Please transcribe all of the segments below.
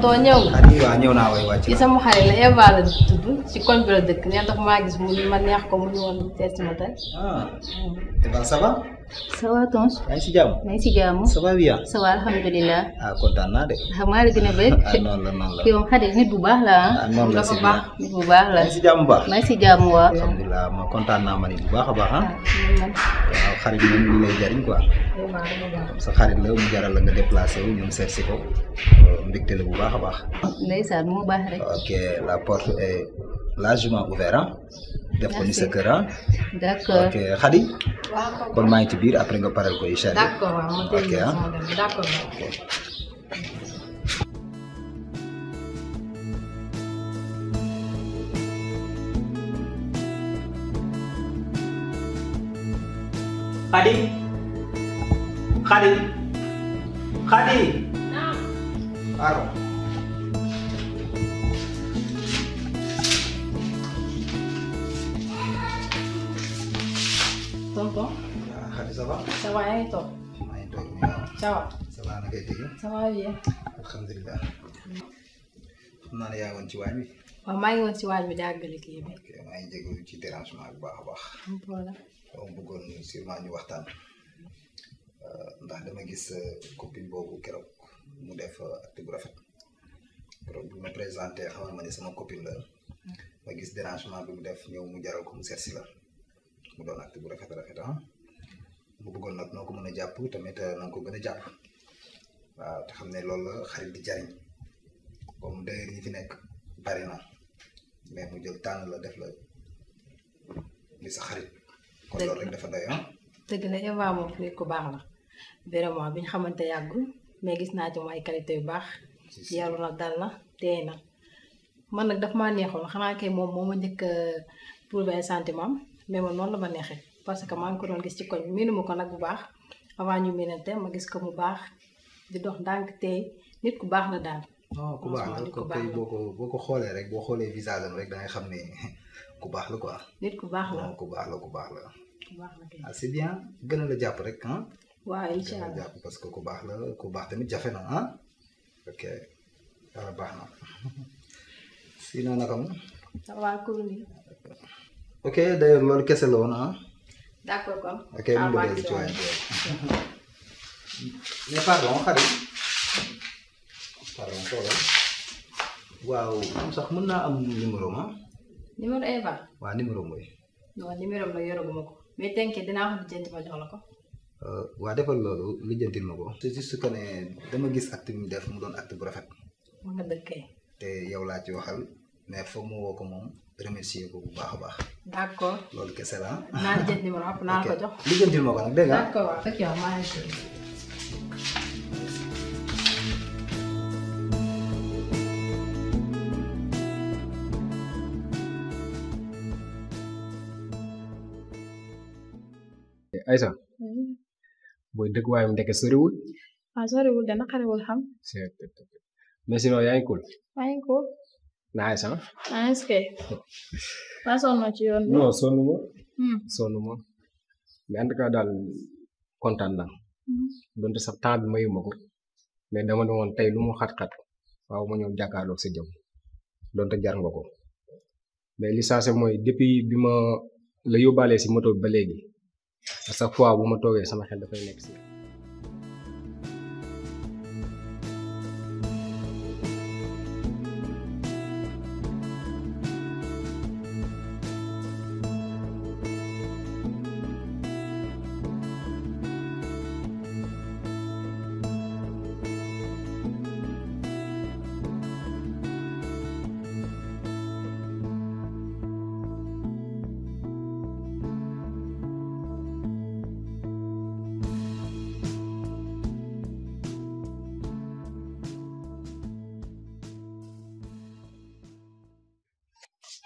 tonton ñëw ah, na. waaw ñëw naa waay ci sama xarit la Eva la tudd ci koñ dëkk nee na dafa maa gis mu ma neex ko mu ñu woon test ma tey. ah ça va Tons. maa si jàmm maa ngi si jàmm. ça va kontaan naa de. xam la gën la noonu la nit bu baax la ah. noonu la si baax nit bu baax la. maa ngi si jàmm baax maa si jàmm waaw. alhamdulilah ma kontaan naa ma bu baax a baax ah. waaw bi moom ñu lay jariñ quoi. sa xarit la mu jaral la nga déplacé wu ñoom seet si ko mbégte la bu baax a baax. ndeysaan mu baax rek. ok la porte est largement ouverte def ko ni sa kër ah. d' accord ok Khady. kon maa ci bir après nga paral ko incha D'accord, d' accord D'accord. Khadi. Khadi. Khadi. Naam. Aro. ça va. ça va yaa ngi toog. maa ngi toog ça va. ça va na kay tegi. ça va bien. alhamdulilah. xam naa ne yaa woon ci waañ bi. waaw maa ngi woon ci waañ bi dàggali kii bi. ok maa ngi jégalu ci dérangement bu baax a baax. voilà. donc bëggoon sûrement ñu waxtaan. ndax dama gis copine boobu keroog mu def acte bu rafet. keroog bi ma présenté xamal ma ne sama copine la. Hmm. ma gis dérangement bi mu def ñëw mu jaral ko mu seet si la. mu doon acte bu rafet rafet ah. bu bëggoon nag noo ko mën a jàpp tamit euh, na nga ko a jàpp waaw te xam ne loolu la xarit di jariñ comme d'ailleurs ñi fi nekk bari na mais mu jël tànn la def la li dafa doy ah. dëgg baax la vraiment bi ñu xamante yàggul mais gis naa ci moom ay qualité yu baax. yaru na dal na teey na man nag daf ma neexoon xanaa kay moom moo ma njëkk a euh, prouver sentiment mais man noonu la ma neexee. parce que maa ngi doon gis ci koñ miinu ma ko nag bu baax avant ñu miinante ma gis ko mu baax di dox ndànk tey nit ku baax la daal. non ku baax la ko xoolee rek boo xoolee visage rek da ngay ku baax la quoi. ku baax la ku baax la ku baax la. ku baax ah, bien gën la jàpp rek ah. waaw incha allah gën a la jàpp parce que ku baax la ku baax tamit jafe na ah. ok a baax na sinon naka mu. ok d'ailleurs loolu kese la woon d'accord kon. ok mu ngi lay joxe mais pardon xarit pardon xoolal waaw am numéro ma. numéro Eva. waaw numéro mooy. non numéro am nag yoraguma ko mais tënkee dinaa ko lijjanti ma jox la ko. Euh, waa defal loolu lijjantil ko. c'est juste que ne dama gis acte bi def mu doon acte bu rafet. mën nga dëkkee. te yow laa ci waxal. mais foog mu woo ko moom remercier ko bu baax a baax. d' accord loolu kese la ah. naa jël numéro ab naa ko jox. li jëntil ma ko nag dégg nga. d' accord waaw ok waaw maa ngi ndeke soriwul. ah soriwul dana xarewul xam. mais sinon yaa ngi cool. maa nice ah. nice kay. maa sonn ma ci yoon bi. non sonn ma. Hmm. sonn ma daal kontaan naa. Hmm. donte sax temps bi ko. mais dama ne woon tey lu mu xat-xat waaw ma ñëw jàkkaarloog si jëm donte jar nga ko mais li saase mooy depuis bi ma la yóbbaalee si moto bi ba léegi à chaque fois bu ma toogee sama xel dafay nekk si.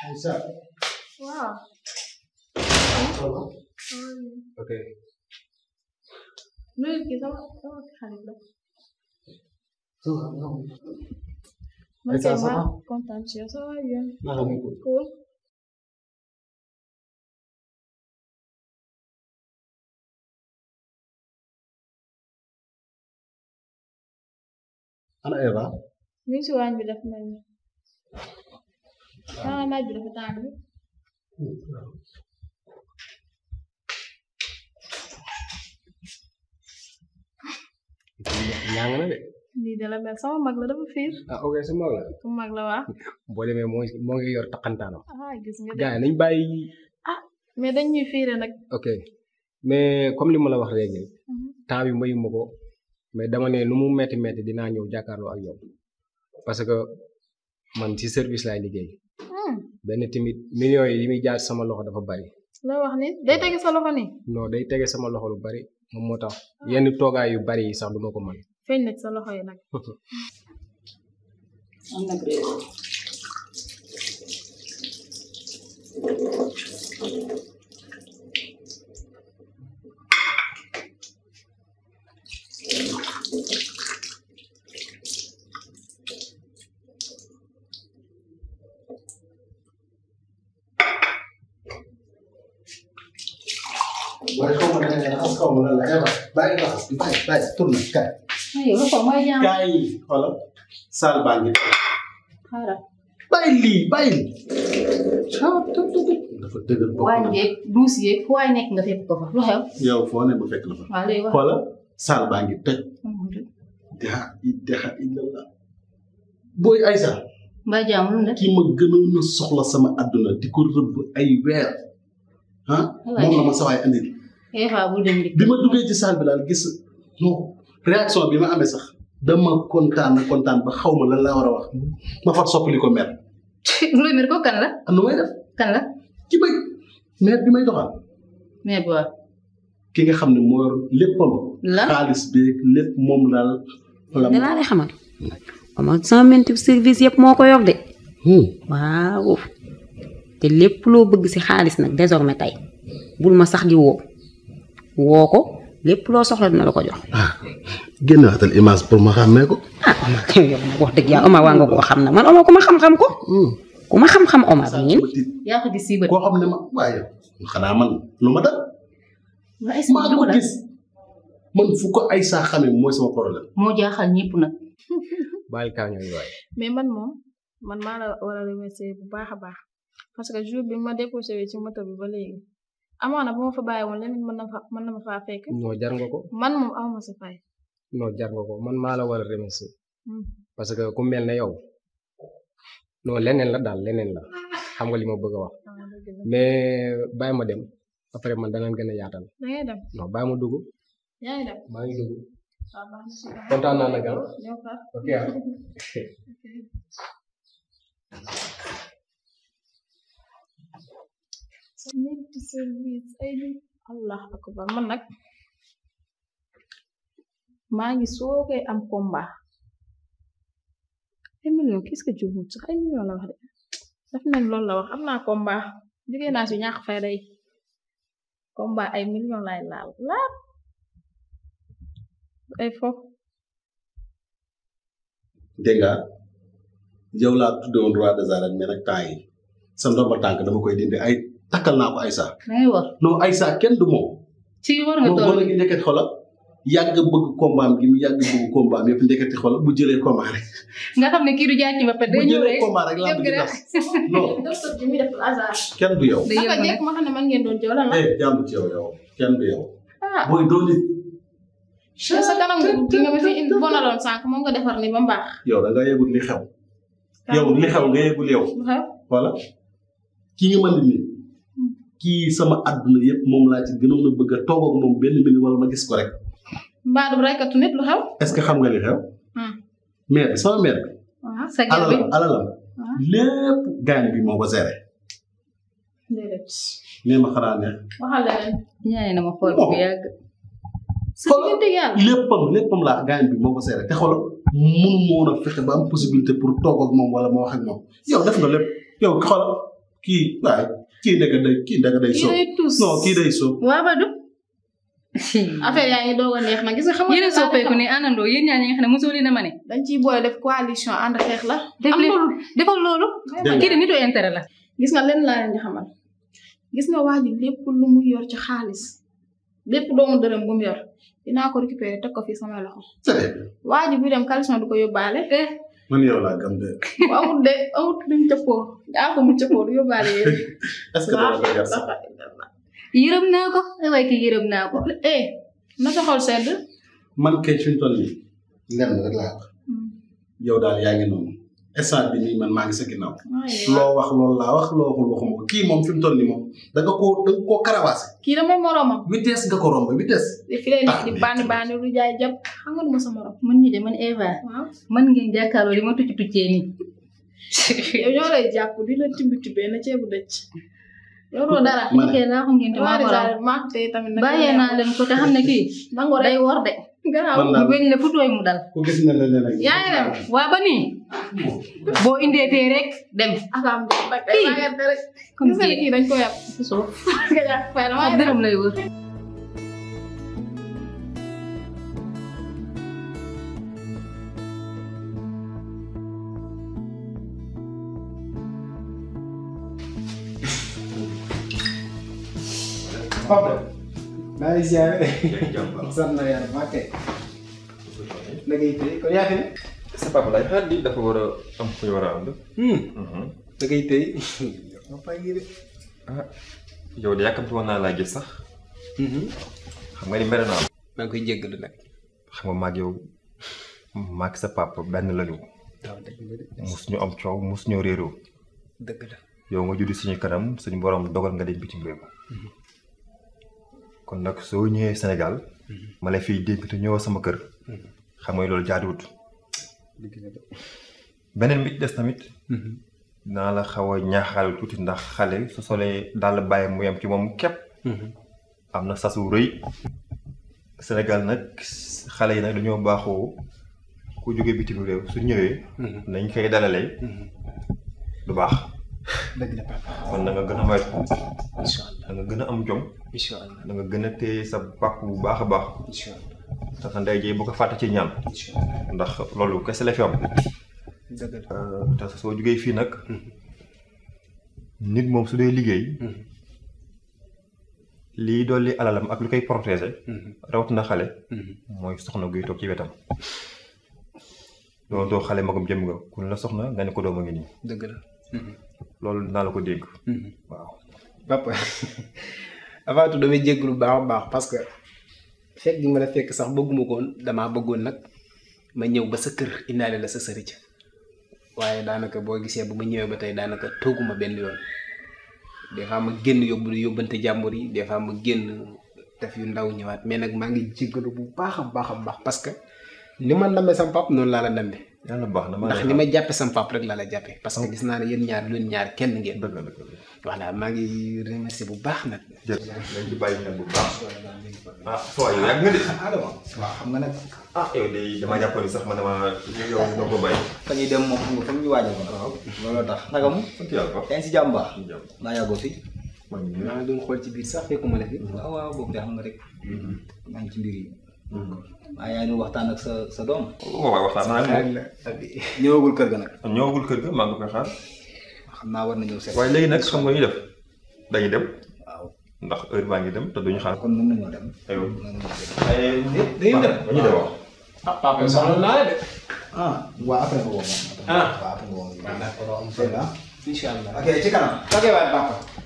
حنسافر واو اوكي ملكي طبعا خليك لك كنت امشي ما غادي نقول انا ايضا مين شو عندي nagyra lii de la mel ngi yor taxantaanam ah gis nga nañ bàyyi ah mais dañ ñuy fiire ok mais comme li ma la wax léegi temps bi mayu ma ko mais dama ne lu mu metti metti dinaa ñëw jàkkaarloo ak yow parce que man ci service laay liggéey benn tamit millions yi li muy jaar sama loxo dafa bari. loo wax ni day tege sa loxo nii. non day tege sama loxo lu bari moom moo tax yenn toogaay yu bari yi sax du ko mën. feeñ na kaw ma lan la kay tax bàyyi taxas bi bàyyi bàyyi tourne kay. aywa kon mooy jàmm kay saal baa ngi bàyyi lii bàyyi dafa dëgër bopp waañ yeeg duus saal baa ngi toj. dexa i dexa booy Aïssa. mbaa jaamu ma gënoon a soxla sama àdduna di ko rëbb ay weer. moom la ma sa waay andil. Eva bu dem bi ma duggee ci salle bi daal gis non réaction bi ma amee sax dama kontaan kontaan ba xaw ma lan la war a wax ma far soppali ko ko kan am na may bi may doxal. nga xam ne moo yor léppam. la moom daal. la dinaa xamal. sama mentu service yëpp moo ko yor de. Hmm. waaw. te lépp loo bëgg si xaalis nag désormais tey bul ma sax di woo. woo ko lépp loo soxla dina la jox. ah génn image pour ma xàmmee ko. ah yow nag wax dëgg yàlla waa nga koo xam na man Omar ku ma xam ko. Hmm. ku ma xam-xam ko gis si bët. koo xam mais man moom man maa la war a bu baax a baax parce que jour bi ma déposé ci moto bi ba léegi. amana bu ma fa baye won leneen man na fa mën na ma faa fekk. non jar nga ko. man mom aw ma sa fay. no jar nga ko man maa la war a hmm. parce que ku melne yow. no lenen la dal lenen la xam nga li ma bëgg wax. mais baye ma dem après man da nga gëna yaatal. da ngay dem no baye ma dugg. yaa dem ma ngi dugg. kontaan naa nag ah. Oke. Ah. سميت سيرفيس ايدي الله اكبر man nag maa ngi soogay am combat ay million qu'est-ce que jubut sax ay million la wax de daf nañ loolu la wax am naa combat jógee naa si ñaax fay day combat ay million lay laal laal ay fo dégg yow laa tuddoon roi des arènes mais nag temps yi sa ndomba tànk dama koy dindi ay takkal naa ko Aïssa. non Aïssa kenn du moom. ci war nga toll nii ndeket xoolal yàgg bëgg kombaam gi yàgg bëgg kombaam yëpp ndeket xoolal bu jëlee komba rek. nga xam ne kii du jaay ci ba pare day ñëw rek bu jëlee komba rek laa bëgg tas non. kenn du yow. day yëngu rek ma ngeen doon ci wala la. Eh, ci yow yow kenn du yow. ah booy sa nga fi indi moom nga defar ni ba mu baax. yow da nga yëgul li xew. yow li xew nga yëgul yow. voilà ki nga mën kii sama àdduna yëpp moom laa ci gënoon a bëgg a toog ak moom benn mbir wala ma gis ko rek. mbaa du raykatu nit lu xew. est-ce que xam nga li xew. maire hmm. bi sama maire bi. waaw ah, ah. lépp moo ko géré. déedéet. nee ma xanaa neex. léppam laa gaañ bi moo ko géré te xoolal mun moon a fexe ba am possibilité pour toog moom wala moo wax ak moom yow def nga lépp yow xoolal kii waaye. kii ndeke day kii kii day tuus non kii affaire yaa ngi doog a neex na gis nga xam nga. yéen a soppeeku ne àndandoo yéen ñaa ñi nga xam ne mosoo leen a mane. dañ ciy def coalition ànd xeex la. def loolu defal loolu. kii de nitu intérêt la. gis nga lenn laa leen di gis nga waa ji lépp lu mu yor ci xaalis lépp doomu dërëm bu mu yor dinaa ko récupérer teg ko fii sama loxo. waa ji bu dem coalition du ko yóbbaale. Eh. man yow laa gëm de. amut de amut duñ cëppoo daa ko mu cëppoo du yóbbaale yéen. est-ce que dama koy yar sax. yërëm naa ko waaye naa ko eh na sa xol sedd. man kay suñu toll nii laa hmm. yow daal yaa ngi noonu. instant bi nii man maa ngi sa ginnaaw. Oh, loo wax loolu laa wax loo waxul waxuma ko kii moom fi mu toll da nga koo da nga koo karawaase. kii la moom moromam. vitesse nga ko romb vitesse. fi lay di bànn bànn lu jaay jàpp xam nga du ma sa man mii de man Eva. waaw man ngeen jàkkaarloo li ma tucc tuccee nii. yow ñoo lay jàpp di la timbi tibbee na ceebu dëcc. yoroo dara. ma ne ma ko ngeen di maa ko raw bàyyee naa leen ko te xam ne kii. day wor de gannaaw ubbil ne fu tooy mu dal ku gis na la ne yaa ngi dem waa ba nii boo indeetee rek dem kii kon kii dañ ko yàpp ci suuf ak dërëm lay wër Papa, bàyyi ziare sant na yàlla bu baaxee. liggéey tey kon yaa fi ne. sa papa lay xaar di dafa war a am fu ñu war a ànd. liggéey tey. ah yow de yàkkamti woon naa laa gis sax. xam nga ni Kamu naa maa ngi koy jéggalu nag. xam nga maag yow maag sa papa benn lañu. waaw mus yang am coow mus ñu réeroo. dëgg la yow nga juddi suñu kanam kon nag soo ñëwee Sénégal. Mhm. ma la fiy dénk te ñëwoo sama kër. Mhm. xam nga loolu jaaduwut. beneen bi des tamit. Mhm. naa la xaw a ñaaxal tuuti ndax xale su solee daal bàyyi mu yem ci moom képp. am na sas wu rëy. Sénégal nag xale yi nag dañoo baaxoo ku jógee bitim réew su ñëwee. nañ koy dalalee. du baax. dëgg kon na nga gën a moytu. gën a am jom. incha allah na nga gën a téye sa pàpp bu baax a baax. incha allah tax ndey ji bu ko fàtte ci ñaan. ndax loolu kese la am. dëgg euh, soo jugee fii nag. Hmm. nit moom su dee liggéey. Hmm. lii dolli alalam ak lu koy protéger. Hmm. na xale. mooy soxna guy toog ci wetam. doo doo xale magum jëm nga kun la soxna nga ne ko doom a ngi nii. loolu dinaa la ko dégg. Mm-hmm. waaw. papa avant tout damay jégg lu baax a baax parce que fekk gi ma la fekk sax bëgguma koon damaa bëggoon nag ma ñëw ba sa kër indaale la sa sëriñ waaye daanaka boo gisee bu mu ñëwee ba tey daanaka tooguma benn yoon des fois ma génn yóbbu yóbbante jàmbur yi des fois ma génn def yu ndaw ñëwaat mais nag maa ngi jéggalu bu baax a baax a baax parce que ni ma ndambe sama pap noonu laa la ndambe yàlla baax na ndax ya. ni ma jàppe sama pap rek laa la jàppe parce que oh. gis naa ne yéen ñaar lu ñaar kenn ngeen dëgg la voilà maa ngi remercier bu baax nag dañ bàyyi bu baax ah soo yow yàgg nga de ah, adama waaw xam nga nag ah yow de dama jàppoon ni sax ma dama yow doo ko bàyyi fa ñuy dem moom xam nga fa ñu waajal waaw looloo tax naka mu sant yàlla baax yaa ngi si jàmm baax maa yàggoo fi man ngi doon xool ci biir sax fekkuma la fi mm-hmm. ah, waaw waaw boobu de xam nga rek mm-hmm. maa ngi ci mbir yi waaye yaa ngi waxtaan ak sa sa doom. waaw waxtaan naa ñëwagul kër ga nag. ñëwagul kër ga maa ngi koy xaar. xam naa war na ñëw seet. waaye léegi nag xam nga ñu def dañuy dem. waaw ndax heure baa ngi dem te duñu xaar. kon mën nañoo dem. aywa dañuy dem ñu dem waaw. ah papa yi soxla naa la de. Ah,